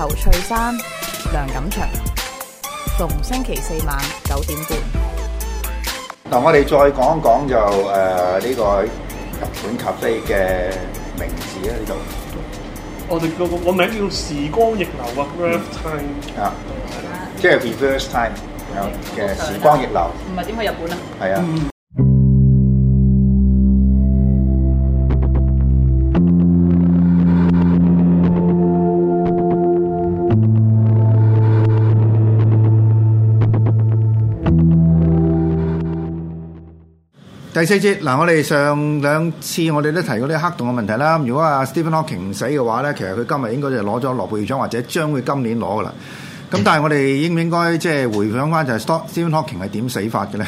侯翠珊、梁錦祥，逢星期四晚九點半。嗱，我哋再講一講就誒呢個日本咖啡嘅名字咧，呢度。我哋個個名叫時光逆流啊，reverse time 啊，即係 reverse time 嘅時光逆流。唔係點去日本啊？係啊。第四節，嗱，我哋上兩次我哋都提過啲黑洞嘅問題啦。如果阿 Steven Hawking 死嘅話咧，其實佢今日應該就攞咗諾貝爾獎或者將會今年攞噶啦。咁但係我哋應唔應該即係回想翻就係 Steven Hawking 係點死法嘅咧？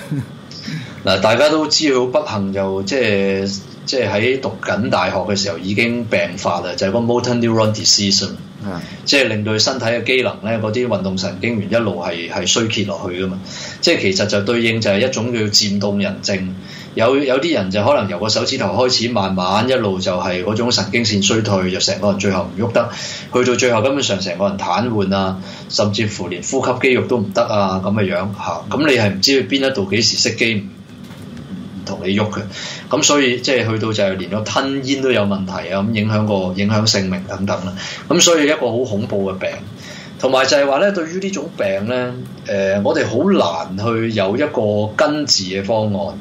嗱， 大家都知道不幸又即係。即係喺讀緊大學嘅時候已經病發啦，就係、是、個 motor neuron disease，、嗯、即係令到身體嘅機能呢嗰啲運動神經元一路係係衰竭落去噶嘛。即係其實就對應就係一種叫漸凍人症，有有啲人就可能由個手指頭開始，慢慢一路就係嗰種神經線衰退，就成個人最後唔喐得，去到最後根本上成個人癱瘓啊，甚至乎連呼吸肌肉都唔得啊咁嘅樣嚇。咁、嗯嗯、你係唔知去邊一度幾時熄機？同你喐嘅，咁所以即係去到就係連個吞咽都有問題啊，咁影響個影響性命等等啦，咁所以一個好恐怖嘅病，同埋就係話咧，對於呢種病咧，誒、呃，我哋好難去有一個根治嘅方案。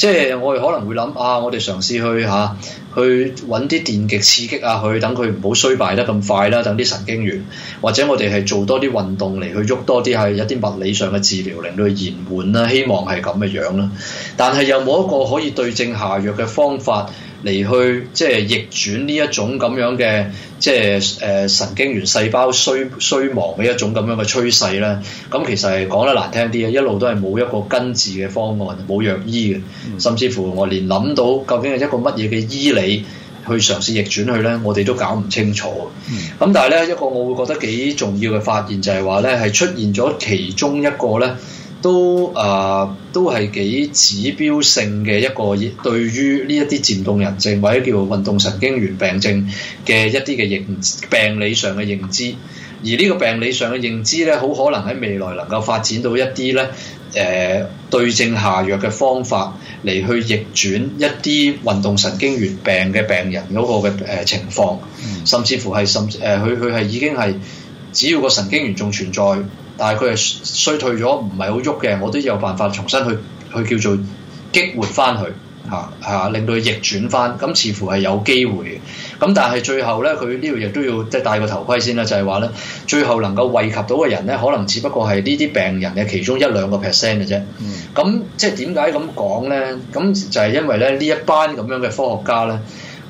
即係我哋可能會諗啊，我哋嘗試去嚇、啊，去揾啲電極刺激啊，佢等佢唔好衰敗得咁快啦，等啲神經元，或者我哋係做多啲運動嚟去喐多啲係一啲物理上嘅治療，令到佢延緩啦，希望係咁嘅樣啦。但係有冇一個可以對症下藥嘅方法，嚟去即係逆轉呢一種咁樣嘅即係誒、呃、神經元細胞衰衰亡嘅一種咁樣嘅趨勢咧。咁其實係講得難聽啲嘅，一路都係冇一個根治嘅方案，冇藥醫嘅。甚至乎我連諗到究竟係一個乜嘢嘅醫理去嘗試逆轉去咧，我哋都搞唔清楚。咁、嗯、但係咧一個我會覺得幾重要嘅發現就係話咧係出現咗其中一個咧。都啊、呃，都係幾指標性嘅一個，對於呢一啲漸凍人症或者叫運動神經元病症嘅一啲嘅認病理上嘅認知，而呢個病理上嘅認知咧，好可能喺未來能夠發展到一啲咧，誒、呃、對症下藥嘅方法嚟去逆轉一啲運動神經元病嘅病人嗰個嘅誒情況，甚至乎係甚至誒佢佢係已經係只要個神經元仲存在。但係佢係衰退咗，唔係好喐嘅。我都有辦法重新去去叫做激活翻佢，嚇嚇令到佢逆轉翻。咁似乎係有機會嘅。咁但係最後咧，佢呢度亦都要即係戴個頭盔先啦。就係話咧，最後能夠惠及到嘅人咧，可能只不過係呢啲病人嘅其中一兩個 percent 嘅啫。嗯。咁即係點解咁講咧？咁就係因為咧呢一班咁樣嘅科學家咧。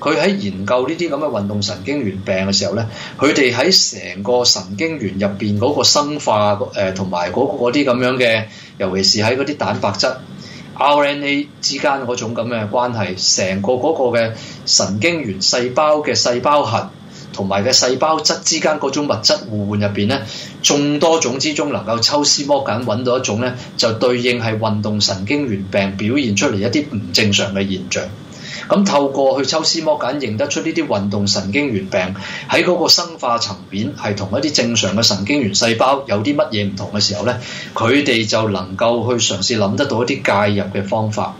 佢喺研究呢啲咁嘅運動神經元病嘅時候呢，佢哋喺成個神經元入邊嗰個生化誒同埋嗰啲咁樣嘅，尤其是喺嗰啲蛋白質 RNA 之間嗰種咁嘅關係，成個嗰個嘅神經元細胞嘅細胞核同埋嘅細胞質之間嗰種物質互換入邊呢，眾多種之中能夠抽絲剝繭揾到一種呢，就對應係運動神經元病表現出嚟一啲唔正常嘅現象。咁透過去抽絲剝繭，認得出呢啲運動神經元病喺嗰個生化層面係同一啲正常嘅神經元細胞有啲乜嘢唔同嘅時候，呢佢哋就能夠去嘗試諗得到一啲介入嘅方法。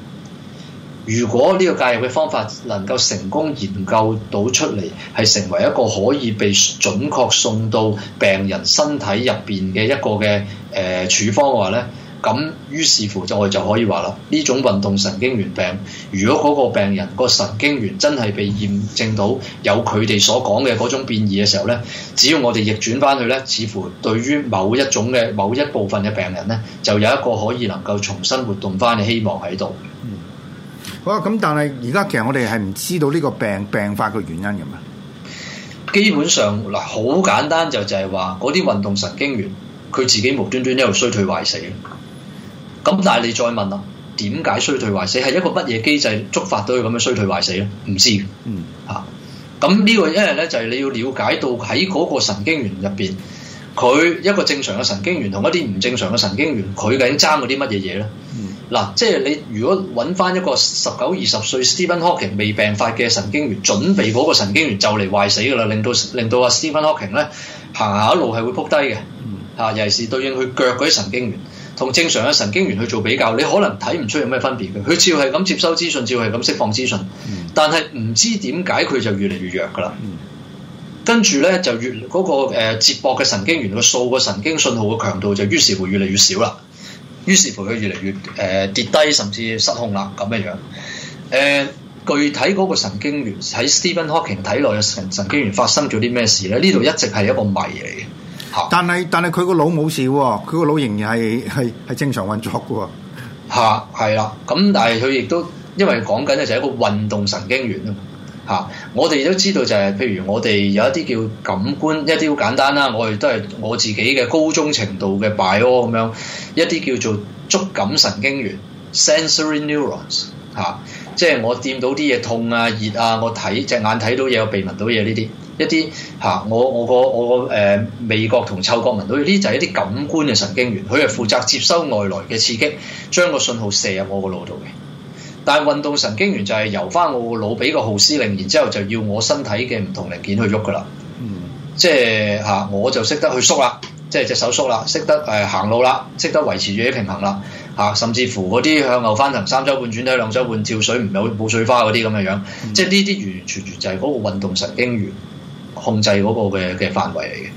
如果呢個介入嘅方法能夠成功研究到出嚟，係成為一個可以被準確送到病人身體入邊嘅一個嘅誒、呃、處方嘅話呢。咁於是乎，就我就可以話啦，呢種運動神經元病，如果嗰個病人個神經元真係被驗證到有佢哋所講嘅嗰種變異嘅時候呢，只要我哋逆轉翻去呢，似乎對於某一種嘅某一部分嘅病人呢，就有一個可以能夠重新活動翻嘅希望喺度。嗯，好啊，咁但係而家其實我哋係唔知道呢個病病發嘅原因嘅嘛？基本上嗱，好簡單就就係話嗰啲運動神經元佢自己無端端一路衰退壞死。咁但係你再問啊，點解衰退壞死係一個乜嘢機制觸發到佢咁樣衰退壞死咧？唔知嘅。嗯。嚇、啊，咁呢個因為咧就係你要了解到喺嗰個神經元入邊，佢一個正常嘅神經元同一啲唔正常嘅神經元，佢究竟爭嗰啲乜嘢嘢咧？嗱、嗯啊，即係你如果揾翻一個十九二十歲 Stephen Hawking 未病發嘅神經元，準備嗰個神經元就嚟壞死噶啦，令到令到阿 Stephen Hawking 咧行下一路係會撲低嘅。嗯。嚇、啊，尤其是對應佢腳嗰啲神經元。同正常嘅神經元去做比較，你可能睇唔出有咩分別嘅。佢照係咁接收資訊，照係咁釋放資訊，嗯、但係唔知點解佢就越嚟越弱噶啦。嗯、跟住咧就越嗰、嗰個、呃、接駁嘅神經元個數個神經信號嘅強度就於是乎越嚟越少啦，於是乎佢越嚟越誒、呃、跌低，甚至失控啦咁嘅樣。誒、呃，具體嗰個神經元喺 Stephen Hawking 體內嘅神神經元發生咗啲咩事咧？呢度、嗯、一直係一個謎嚟嘅。但係但係佢個腦冇事喎，佢個腦仍然係係係正常運作嘅喎。吓，係啦，咁但係佢亦都因為講緊就係一個運動神經元啊嘛。吓，我哋都知道就係、是，譬如我哋有一啲叫感官一啲好簡單啦，我哋都係我自己嘅高中程度嘅 bio 咁樣，一啲叫做觸感神經元 sensory neurons 吓、啊，即係我掂到啲嘢痛啊、熱啊，我睇隻眼睇到嘢，我鼻聞到嘢呢啲。一啲吓，我我個我個誒味覺同嗅覺聞到呢就係一啲感官嘅神經元，佢係負責接收外來嘅刺激，將個信號射入我個腦度嘅。但係運動神經元就係由翻我個腦俾個號司令，然之後就要我身體嘅唔同零件去喐噶啦。嗯、即係吓，我就識得去縮啦，即係隻手縮啦，識得誒、呃、行路啦，識得維持住啲平衡啦，吓、啊，甚至乎嗰啲向後翻騰、三周半轉體、兩周半跳水唔係冇水花嗰啲咁嘅樣，即係呢啲完完全全就係嗰個運動神經元。控制嗰個嘅嘅範圍嚟嘅，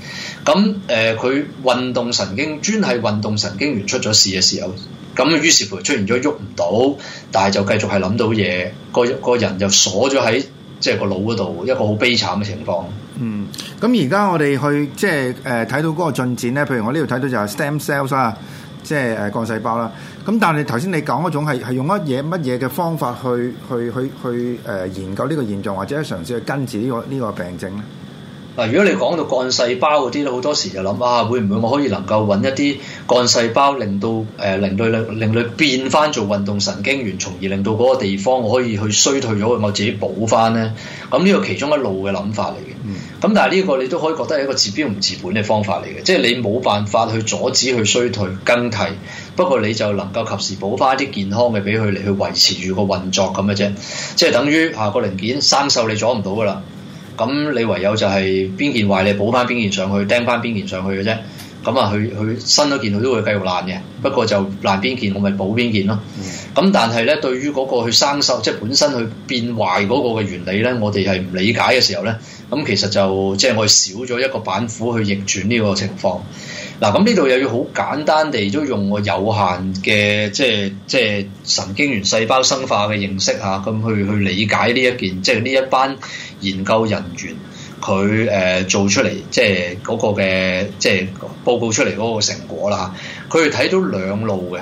咁誒佢運動神經專係運動神經元出咗事嘅時候，咁於是乎出現咗喐唔到，但係就繼續係諗到嘢，個個人又鎖咗喺即係個腦嗰度，一個好悲慘嘅情況。嗯，咁而家我哋去即係誒睇到嗰個進展咧，譬如我呢度睇到就係 stem cells 啊，即係誒幹細胞啦。咁、啊、但係你頭先你講一種係係用乜嘢乜嘢嘅方法去去去去誒、呃、研究呢個現象，或者嘗試去根治呢個呢個病症咧？嗱，如果你講到幹細胞嗰啲咧，好多時就諗啊，會唔會我可以能夠揾一啲幹細胞令、呃，令到誒令到令佢變翻做運動神經元，從而令到嗰個地方我可以去衰退咗，我自己補翻咧。咁呢個其中一路嘅諗法嚟嘅。咁、嗯、但係呢個你都可以覺得係一個治標唔治本嘅方法嚟嘅，即係你冇辦法去阻止佢衰退更替，不過你就能夠及時補翻一啲健康嘅俾佢嚟去維持住個運作咁嘅啫。即係等於嚇、啊個零件生鏽你阻唔到噶啦。咁你唯有就係邊件壞你補翻邊件上去，釘翻邊件上去嘅啫，咁啊佢佢新嗰件佢都會繼續爛嘅，不過就爛邊件我咪補邊件咯。咁、嗯、但係咧，對於嗰個去生鏽即係本身去變壞嗰個嘅原理咧，我哋係唔理解嘅時候咧，咁其實就即係我少咗一個板斧去逆轉呢個情況。嗱，咁呢度又要好簡單地都用我有限嘅即係即係神經元細胞生化嘅認識嚇，咁去去理解呢一件，即係呢一班研究人員佢誒、呃、做出嚟即係嗰個嘅即係報告出嚟嗰個成果啦嚇，佢哋睇到兩路嘅，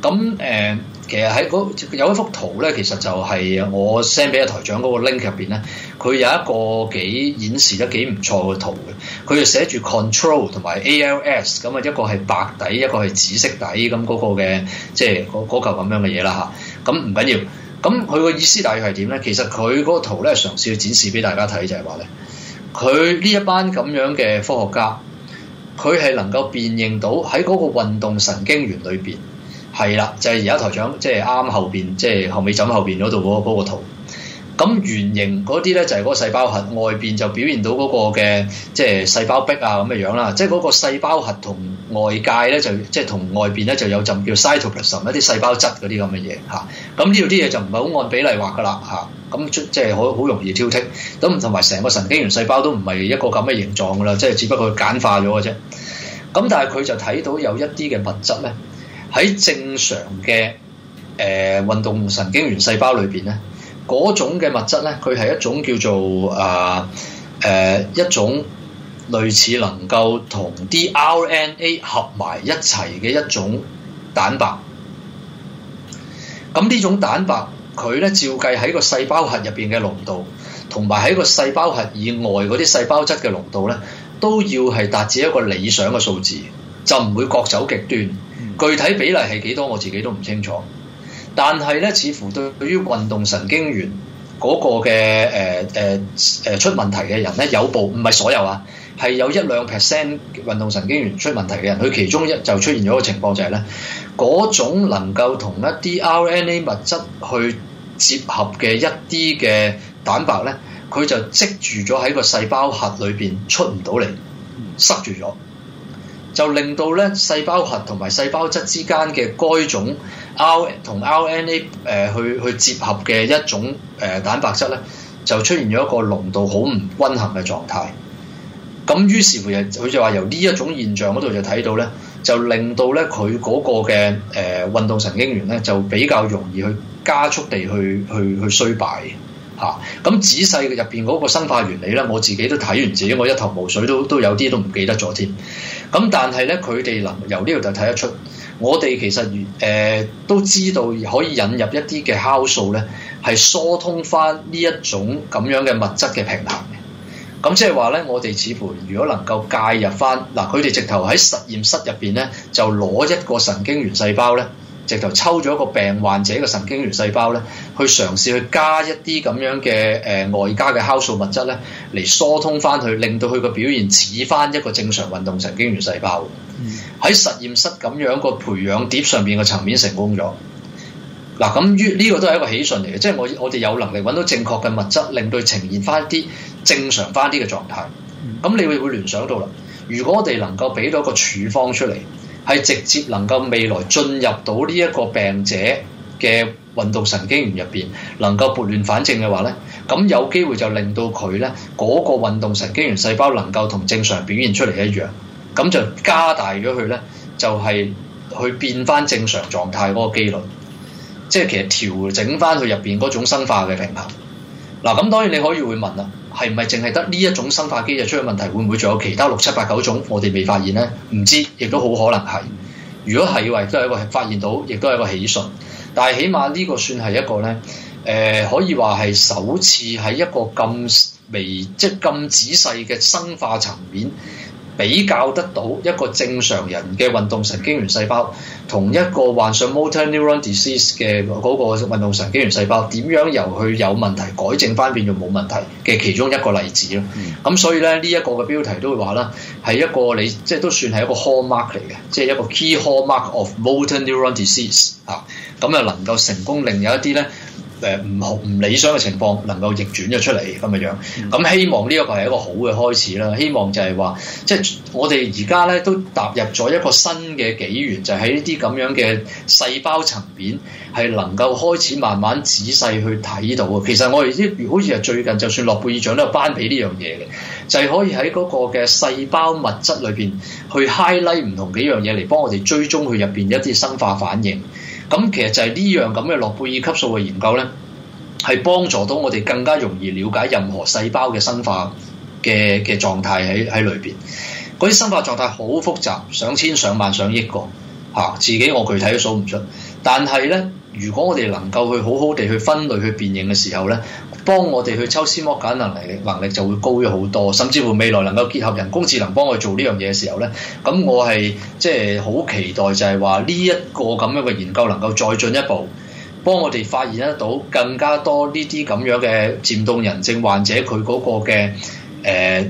咁誒。呃其實喺嗰有一幅圖咧，其實就係我 send 俾阿台長嗰個 link 入邊咧，佢有一個幾演示得幾唔錯嘅圖嘅，佢就寫住 control 同埋 ALS，咁啊一個係白底，一個係紫色底，咁、嗰、嗰個嘅即係嗰嚿咁樣嘅嘢啦嚇。咁唔緊要，咁佢個意思大約係點咧？其實佢嗰個圖咧嘗試要展示俾大家睇，就係話咧，佢呢一班咁樣嘅科學家，佢係能夠辨認到喺嗰個運動神經元裏邊。係啦，就係而家台長即係啱後邊，即係後尾枕後邊嗰度嗰嗰個圖。咁圓形嗰啲咧就係嗰個細胞核外邊，就表現到嗰個嘅即係細胞壁啊咁嘅樣啦。即係嗰個細胞核同外界咧就即係同外邊咧就有陣叫 cytoplasm 一啲細胞質嗰啲咁嘅嘢嚇。咁呢度啲嘢就唔係好按比例畫噶啦嚇。咁即係好好容易挑剔。咁同埋成個神經元細胞都唔係一個咁嘅形狀啦，即係只不過簡化咗嘅啫。咁但係佢就睇到有一啲嘅物質咧。喺正常嘅誒、呃、運動神經元細胞裏邊咧，嗰種嘅物質咧，佢係一種叫做啊誒、呃呃、一種類似能夠同啲 RNA 合埋一齊嘅一種蛋白。咁呢種蛋白佢咧照計喺個細胞核入邊嘅濃度，同埋喺個細胞核以外嗰啲細胞質嘅濃度咧，都要係達至一個理想嘅數字，就唔會各走極端。具體比例係幾多？我自己都唔清楚。但係咧，似乎對於運動神經元嗰個嘅誒誒誒出問題嘅人咧，有部唔係所有啊，係有一兩 percent 運動神經元出問題嘅人，佢其中一就出現咗一個情況，就係咧，嗰種能夠同一啲 RNA 物質去結合嘅一啲嘅蛋白咧，佢就積住咗喺個細胞核裏邊出唔到嚟，塞住咗。就令到咧細胞核同埋細胞質之間嘅該種 R 同 R N A 誒、呃、去去結合嘅一種誒、呃、蛋白質咧，就出現咗一個濃度好唔均衡嘅狀態。咁於是乎佢就話由呢一種現象嗰度就睇到咧，就令到咧佢嗰個嘅誒、呃、運動神經元咧就比較容易去加速地去去去衰敗。啊！咁仔細入邊嗰個生化原理咧，我自己都睇完自己，我一頭霧水，都有都有啲都唔記得咗添。咁但係咧，佢哋能由呢度就睇得出，我哋其實誒、呃、都知道可以引入一啲嘅酵素咧，係疏通翻呢一種咁樣嘅物質嘅平衡嘅。咁即係話咧，我哋似乎如果能夠介入翻嗱，佢、啊、哋直頭喺實驗室入邊咧，就攞一個神經元細胞咧。直頭抽咗一個病患者嘅神經元細胞咧，去嘗試去加一啲咁樣嘅誒外加嘅酵素物質咧，嚟疏通翻佢，令到佢個表現似翻一個正常運動神經元細胞。喺、嗯、實驗室咁樣個培養碟上面嘅層面成功咗。嗱咁呢個都係一個喜訊嚟嘅，即係我我哋有能力揾到正確嘅物質，令到佢呈現翻啲正常翻啲嘅狀態。咁、嗯、你會會聯想到啦，如果我哋能夠俾到一個處方出嚟。係直接能夠未來進入到呢一個病者嘅運動神經元入邊，能夠撥亂反正嘅話呢，咁有機會就令到佢呢嗰、那個運動神經元細胞能夠同正常表現出嚟一樣，咁就加大咗佢呢，就係、是、去變翻正常狀態嗰個機率，即係其實調整翻佢入邊嗰種生化嘅平衡。嗱，咁當然你可以會問啊，係唔係淨係得呢一種生化機就出咗問題，會唔會仲有其他六七八九種我哋未發現呢？唔知，亦都好可能係。如果係嘅話，都係一個發現到，亦都係一個喜訊。但係起碼呢個算係一個呢，誒、呃、可以話係首次喺一個咁微，即係咁仔細嘅生化層面。比較得到一個正常人嘅運動神經元細胞，同一個患上 motor neuron disease 嘅嗰個運動神經元細胞，點樣由佢有問題改正翻變做冇問題嘅其中一個例子咯。咁、嗯、所以咧，呢、這、一個嘅標題都會話啦，係一個你即係都算係一個 hallmark 嚟嘅，即係一個 key hallmark of motor neuron disease 嚇、啊。咁又能夠成功另有一啲咧。誒唔好唔理想嘅情況能夠逆轉咗出嚟咁嘅樣，咁、嗯嗯、希望呢一個係一個好嘅開始啦。希望就係話，即係我哋而家咧都踏入咗一個新嘅紀元，就喺呢啲咁樣嘅細胞層面係能夠開始慢慢仔細去睇到啊。其實我哋好似係最近，就算諾貝爾獎都有頒俾呢樣嘢嘅，就係、是、可以喺嗰個嘅細胞物質裏邊去 highlight 唔同幾樣嘢嚟幫我哋追蹤佢入邊一啲生化反應。咁其實就係呢樣咁嘅諾貝爾級數嘅研究呢，係幫助到我哋更加容易了解任何細胞嘅生化嘅嘅狀態喺喺裏邊。嗰啲生化狀態好複雜，上千上萬上億個吓，自己我具體都數唔出。但係呢，如果我哋能夠去好好地去分類、去辨認嘅時候呢。幫我哋去抽絲剝繭能力，能力就會高咗好多，甚至乎未來能夠結合人工智能幫我做呢樣嘢嘅時候呢。咁我係即係好期待就係話呢一個咁樣嘅研究能夠再進一步，幫我哋發現得到更加多呢啲咁樣嘅漸凍人症患者佢嗰個嘅誒、呃、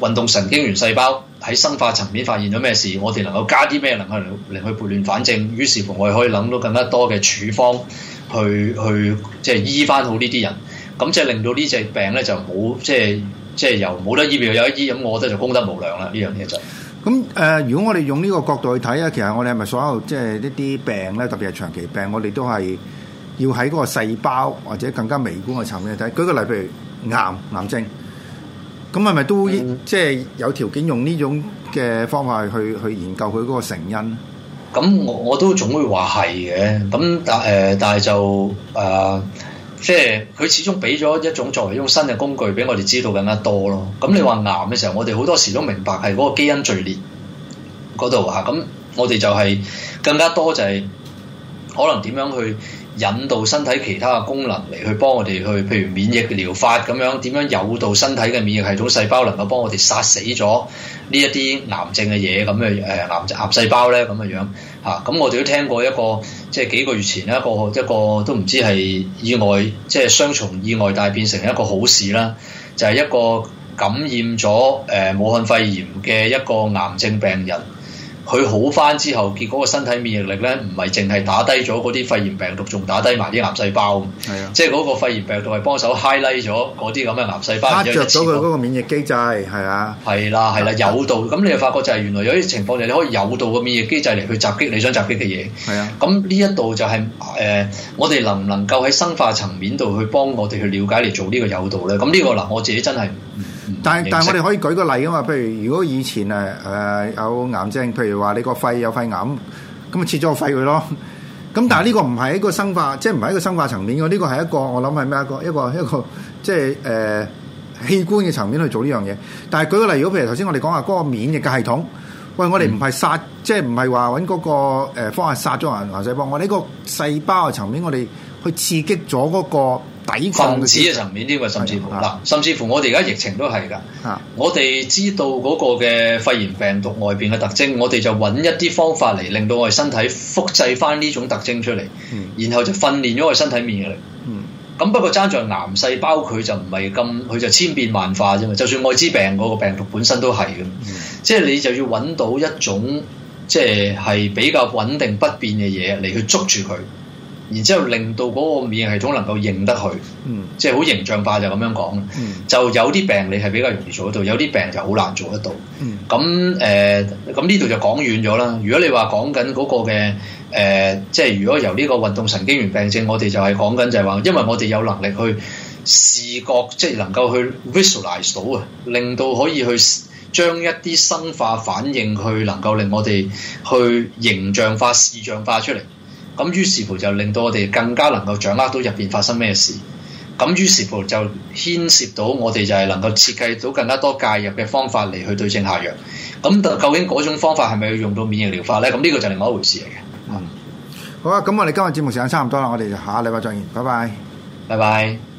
運動神經元細胞喺生化層面發現咗咩事，我哋能夠加啲咩能、能夠嚟去撥亂反正，於是乎我哋可以諗到更加多嘅處方去去即係醫翻好呢啲人。咁即係令到呢隻病咧就，冇即係即係由冇得醫苗有得醫，咁我覺得就功德無量啦。呢樣嘢就咁誒，如果我哋用呢個角度去睇啊，其實我哋係咪所有即係呢啲病咧，特別係長期病，我哋都係要喺嗰個細胞或者更加微觀嘅層面睇。舉個例，譬如癌、癌症，咁係咪都即係有條件用呢種嘅方法去去研究佢嗰個成因？咁我我都總會話係嘅，咁但誒但係就誒。即係佢始終俾咗一種作為一種新嘅工具，俾我哋知道更加多咯。咁你話癌嘅時候，嗯、我哋好多時都明白係嗰個基因序列嗰度啊。咁我哋就係更加多，就係可能點樣去引導身體其他嘅功能嚟去幫我哋去，譬如免疫療法咁樣，點樣誘導身體嘅免疫系統細胞能夠幫我哋殺死咗呢一啲癌症嘅嘢，咁嘅誒，癌癌細胞咧咁嘅樣。吓，咁、啊、我哋都聽過一個，即係幾個月前一個一個，一個都唔知係意外，即係雙重意外，但係變成一個好事啦。就係、是、一個感染咗誒、呃、武漢肺炎嘅一個癌症病人。佢好翻之後，結果個身體免疫力咧，唔係淨係打低咗嗰啲肺炎病毒，仲打低埋啲癌細胞。係啊，即係嗰個肺炎病毒係幫手 highlight 咗嗰啲咁嘅癌細胞。卡著咗佢嗰個免疫機制，係啊，係啦，係啦，的誘導。咁你又發覺就係原來有啲情況就你可以誘導嘅免疫機制嚟去襲擊你想襲擊嘅嘢。係啊的，咁呢一度就係、是、誒、呃，我哋能唔能夠喺生化層面度去幫我哋去了解嚟做呢個誘導咧？咁呢個嗱，我自己真係。嗯、但係，但係我哋可以舉個例啊嘛，譬如如果以前啊，誒有癌症，譬如話你個肺有肺癌咁，咪切咗個肺佢咯。咁但係呢個唔係一個生化，即係唔係一個生化層面嘅，呢、呢個係一個我諗係咩一個一個一個即係誒器官嘅層面去做呢樣嘢。但係舉個例，如果譬如頭先我哋講下嗰個免疫嘅系統，喂，我哋唔係殺，嗯、即係唔係話揾嗰個方式殺咗人。癌細胞，我呢個細胞嘅層面，我哋去刺激咗嗰、嗰個。分子嘅層面啲咪甚至乎啦，甚至乎，的甚至乎我哋而家疫情都係噶。的我哋知道嗰個嘅肺炎病毒外邊嘅特徵，我哋就揾一啲方法嚟令到我哋身體複製翻呢種特徵出嚟，嗯、然後就訓練咗我哋身體免疫力。咁、嗯、不過爭在癌細胞佢就唔係咁，佢就千變萬化啫嘛。就算愛滋病嗰，那個病毒本身都係嘅，嗯、即係你就要揾到一種即係係比較穩定不變嘅嘢嚟去捉住佢。然之後令到嗰個免疫系統能夠認得佢，嗯、即係好形象化就咁樣講，嗯、就有啲病你係比較容易做得到，有啲病就好難做得到。咁誒、嗯，咁呢度就講遠咗啦。如果你話講緊嗰個嘅誒、呃，即係如果由呢個運動神經元病症，我哋就係講緊就係話，因為我哋有能力去視覺，即係能夠去 visualise 到啊，令到可以去將一啲生化反應去能夠令我哋去形象化、視像化出嚟。咁於是乎就令到我哋更加能夠掌握到入邊發生咩事，咁於是乎就牽涉到我哋就係能夠設計到更加多介入嘅方法嚟去對症下藥。咁究竟嗰種方法係咪要用到免疫療法呢？咁呢個就另外一回事嚟嘅。嗯，好啊，咁我哋今日節目時間差唔多啦，我哋下個禮拜再見，拜拜，拜拜。